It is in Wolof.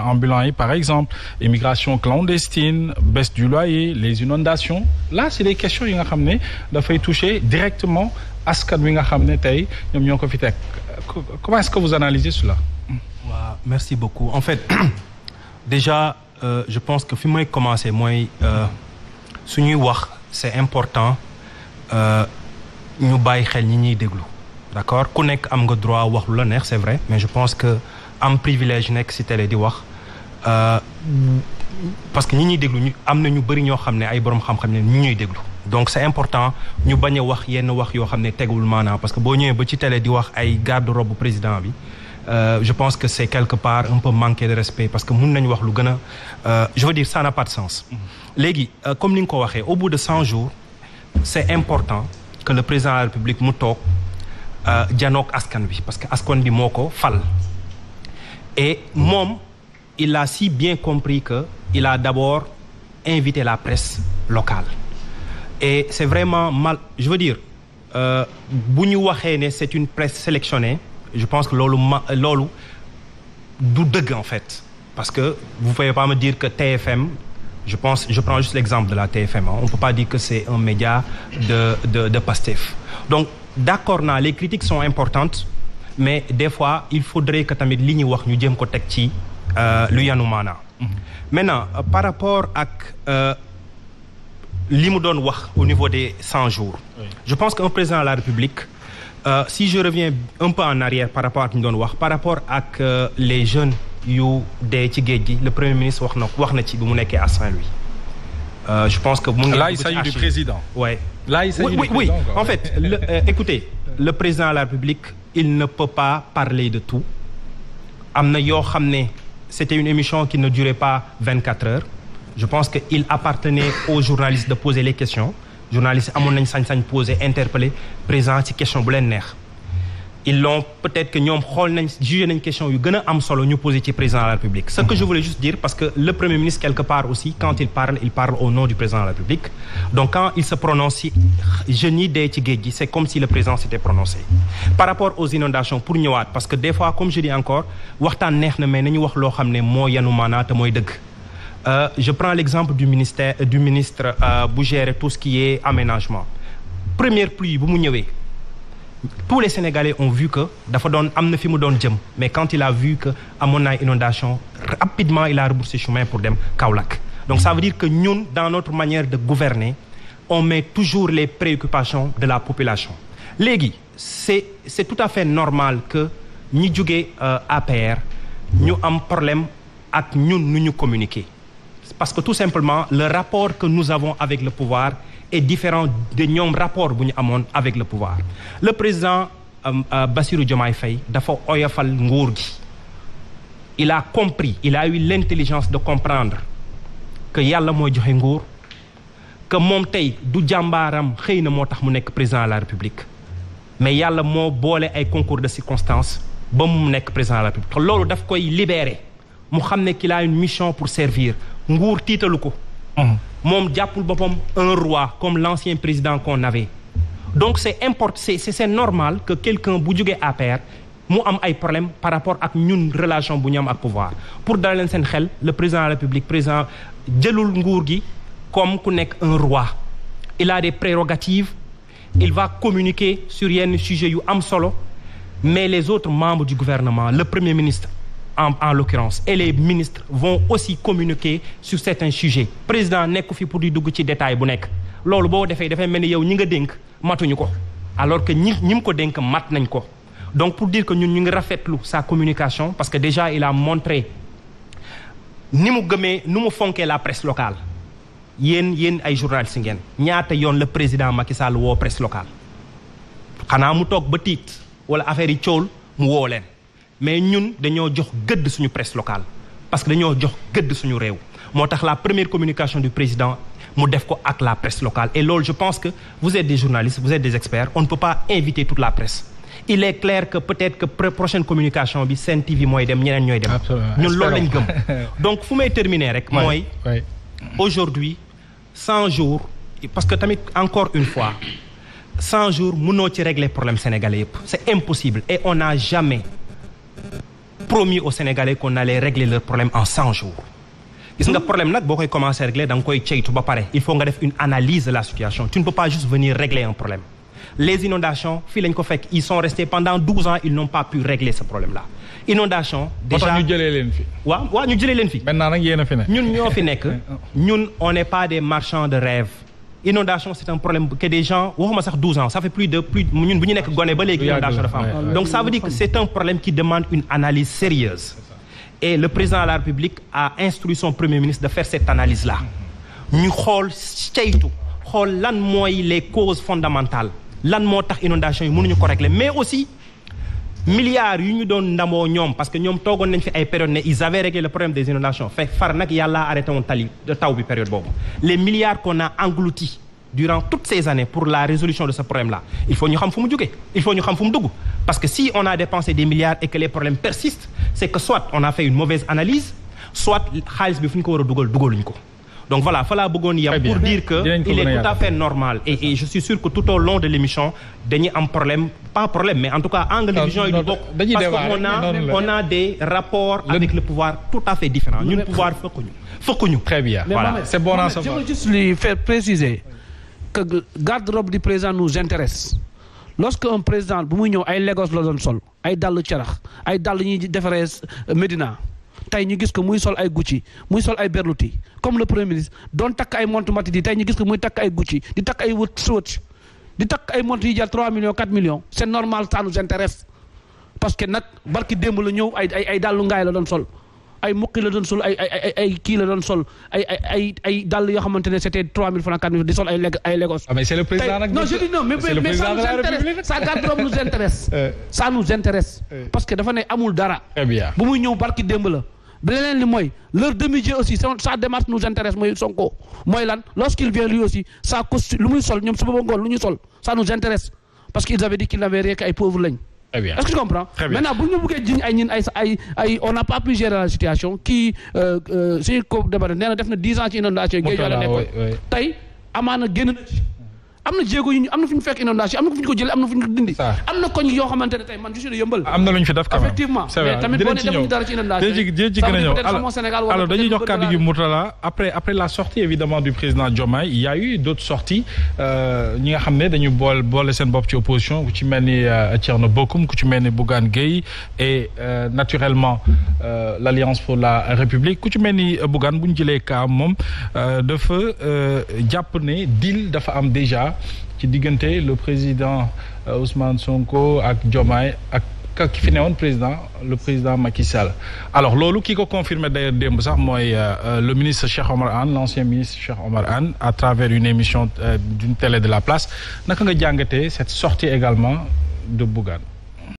ambulants yi par exemple immigration clandestine baisse du loyer les inondations là c'est des questions yi nga xam ne dafay toucher directement askan wi nga xam ne tey ñoom ñoo ko fi teg comment est-ce que vous analysez cela waaw merci beaucoup en fait déjà euh, je pense que fi mooy commencer mooy euh, suñuy wax c'est important euh, ñu bàyyi xel ñi ñuy déglu d'accord ku nekk am nga droit wax lu la neex c'est vrai mais je pense que am privilège nekk si télé di wax euh, parce que ñi ñuy déglu ñu am na ñu bëri ñoo xam ne ay borom xam-xam ne ñu ñuy déglu donc c'est important ñu bañ a wax yenn wax yoo xam ne tegul maanaam parce que boo ñëwee ba ci télé di wax ay garde robe président bi euh, je pense que c'est quelque part un peu manqué de respect parce que mun nañu wax lu gën a euh, je veux dire ça n'a sens léegi comme ni nga ko waxee au bout de cent jours c'est important que le président de la République mu toog janoog askan bi parce que askan bi moo ko fal et moom il a si bien compris que il a d'abord invité la presse locale et c'est vraiment mal je veux dire euh, bu ñu waxee ne c'est une presse sélectionnée je pense que loolu ma loolu du dëgg en fait parce que vous pouvez pas me dire que TFM je pense je prends juste l'exemple de la TFM hein. on peut pas dire que c'est un média de de de Pastef donc d'accord naa les critiques sont importantes mais des fois il faudrait que tamit li ñuy wax ñu jéem ko teg ci euh, lu yanu mais mhm. maintenant euh, par rapport ak euh, li mu doon wax au niveau des cent jours je pense qu'un président de la République euh, si je reviens un peu en arrière par rapport ak ñu doon wax par rapport ak euh, les jeunes yu dee ci géej gi le premier ministre wax na wax na ci bi mu nekkee à Saint-Louis je pense que mu ngi là il s'agit du président Là, il oui, oui, fait, le, euh, le président la République, il ne peut pas de tout. am na yoo xam ne c'était une émission qui ne durait pas vingt-quatre heures. je pense que il appartenait aux journalistes de poser les questions journalistes amoon nañ sañ-sañ poser interpeller président ci question bu leen neex. ils l'ont peut-être que ñoom xool nañ jugé nañ question yu gën a am solo ñu posé ci président de la République ce que je voulais juste dire parce que le premier ministre quelque part aussi quand il parle il parle au nom du président de la République donc quand il se prononce si jeunes yi ci géej gi c'est comme si le président s'était prononcé par rapport aux inondations pour ñëwaat parce que des fois comme je dis encore waxtaan neex na mais nañu loo xam ne moo yanu maanaa te mooy dëgg euh, je prends l'exemple du ministère du ministre euh, bu gérer tout ce aménagement première pluie bu mu ñëwee tous les Sénégalais ont vu que dafa doon am na fi mu doon jëm mais quand il a vu que amoon inondation rapidement il a rebroussé chemin pour dem Kaolack donc ça veut dire que ñun dans notre manière de gouverner on met toujours les préoccupations de la population léegi c'est c'est tout à fait normal que ñi à euh, pre ñu am problème ak ñun nu ñu parce que tout simplement le rapport que nous avons avec le pouvoir est différent de ñoom rapport bu ñu amoon avec le pouvoir le président euh, euh, Bassirou Diomaye fay dafa oyofal nguur gi il a compris il a eu l'intelligence de comprendre que yàlla mooy joxe nguur que moom tey du jàmbaaram xëy na moo tax mu nekk président de la république mais yàlla moo boole ay concours de circonstances ba mu nekk président de la république loolu daf koy libérer mu xam ne qu'il une mission pour servir nguur tiitalu ko mmh. moom jàppul boppam un roi comme l'ancien président qu'on avait donc c'est import c'est c'est normal que quelqu'un bu jógee APR mu am ay problème par rapport ak ñun relation bu ñu am ak pouvoir pour dara leen seen xel le président de la République président jëlul nguur gi comme ku nekk un roi il a des prérogatives il va communiquer sur yenn sujet yu am solo mais les autres membres du gouvernement le premier ministre en en l'occurrence et les ministres vont aussi communiquer sur certains sujets président nekk fi pour di dugg ci détail bu nekk loolu boo defee dafay mel ni yow ñi nga dénk matuñu ko alors que ñi ñi mu ko dénk mat nañ ko donc pour dire que ñun ñu ngi rafetlu sa communication parce que déjà il a montré ni mu gëmee nu mu fonkee la presse locale yéen yéen ay journalistes ngeen ñaata yoon la président Macky Sall woo presse locale xanaa mu toog ba tiit wala affaire yi cool mu woo leen mais ñun dañoo jox gëdd suñu presse locale parce que dañoo jox gëdd suñu réew moo tax la première communication du président mu def ko ak la presse locale et loolu je pense que vous êtes des journalistes vous êtes des experts on ne peut pas inviter toute la presse il est clair que peut-être que prochaine communication bi Sen TV mooy dem ñeneen ñooy dem ñun loolu lañ gëm donc fu may terminer rek mooy aujourd'hui cent jours parce que tamit encore une fois cent jours mënoo ci régler problème sénégalais yëpp c'est impossible et on n'a promis aux Sénégalais qu'on allait régler leur problème en cent jours gis nga hmm. problème nag boo koy commencé régler da nga koy il faut nga def une analyse de la situation tu ne peux pas juste venir régler un problème les inondations fii lañ sont restés pendant douze ans ils n'ont pas pu régler ce problème là inondation déjà ñu jëlee leen fi waaw waaw pas des marchands de rêves inondation c'est un problème que des gens waxuma sax 12 ans ça plus de plus ñun nekk gone ba léegi inondation dafa am donc c'est un problème qui demande une analyse sérieuse et le président de la République a instruit son premier ministre de faire cette analyse là ñu xool ceytu xool lan mooy les causes fondamentales lan moo tax inondation yi mënuñu ko régler mais aussi milliards yu ñu doon ndamoo ñoom parce que ñoom toogoon nañ fi ay période ne ils avaient réglé le problème des inondations fekk far nag yàlla arrêté taw bi période boobu les milliards qu'on a engloutis durant toutes ces années pour la résolution de ce problème là il faut ñu xam fu mu jógee il faut ñu xam fu mu parce que si on a dépensé des milliards et que les problèmes persistent c'est que soit on a fait une mauvaise analyse soit xaalis bi fu ñu ko war a dugal dugaluñ ko donc voilà fa laa bëggoon yam pour dire que il est tout à fait normal et je suis sûr que tout au long de l'émission dañuy am problème pas problème mais en tout cas angle ah, vision yi du bokk parce que on a on a des rapports avec le pouvoir tout à fait différents ñun pouvoir fëkkuñu fëkkuñu très bien voilà c'est bon à savoir je veux juste que du président nous intéresse lorsque président bu muy ñëw ay Lagos la doon sol ay dàll carax ay dàll ñuy defaree Médina tey ñu gis ko muy sol ay Gucci muy sol ay Berluti comme le premier ministre doon takk ay montre mati di tey ñu gis ko muy takk ay Gucci di takk ay wët suwët di takk ay montre yi jar 3 millions 4 millions c'est normal ça nous intéresse parce que la ñëw ay ay ay dàllu ngaay la doon sol ay la doon sol ay ay kii la doon sol yoo xamante ne c'était 3000 francs 4000 di que dafa ne amul dara. très bien bu muy ñëw barki demb la. leneen li mooy leur demi-jeu aussi sa démarche nous intéresse mooy Sonko mooy lan lorsqu'il vient lui aussi sa costume lu muy sol ñoom suba lu ñu sol ça nous intéresse parce qu'ils avaient dit qu'ils n'avaient rien que ay pauvres lañ est-ce que tu comprends maintenant bu ñu bëggee jiñ ay ñin ay on n'a pas pu gérer la situation kii suñu ko débat nee na def na dix ans ci inondation géej la nekkoon tey amaana génn na am na jéego yu ñu am na fu ñu fekk inondation am na fu ñu ko jëlee am na fu ñu ko dindi. am na koñ yoo xamante ne tey man je suis de yëmbal. am na lu ñu fi def quand même effectivement mais tamit boo nee defuñu dara ci inondation dinañ ci gën a ñëw alors dañuy jox kàddu gi Mourtala après après la sortie évidemment du président Diomaye il y a eu d' autres sorties euh, ñi nga xam ne dañu boole boole seen bopp ci opposition ku ci mel ni euh, Thierno Bocoum ku ci mel ni Bougane Gueye et euh, naturellement l' alliance pour la république ku ci mel ni Bougane bu ñu jëlee ka moom dafa jàpp ne deal dafa am déjà mandat ci diggante le président euh, Ousmane Sonko ak Diomaye ak ki fi newoon président le président Macky Sall alors loolu ki ko confirmé d'ailleurs démb sax mooy euh, euh, le ministre Cheikh Omar Anne l'ancien ministre Cheikh Omar Anne à travers une émission d'une télé de la place naka nga jàngatee cette sortie également de Bougane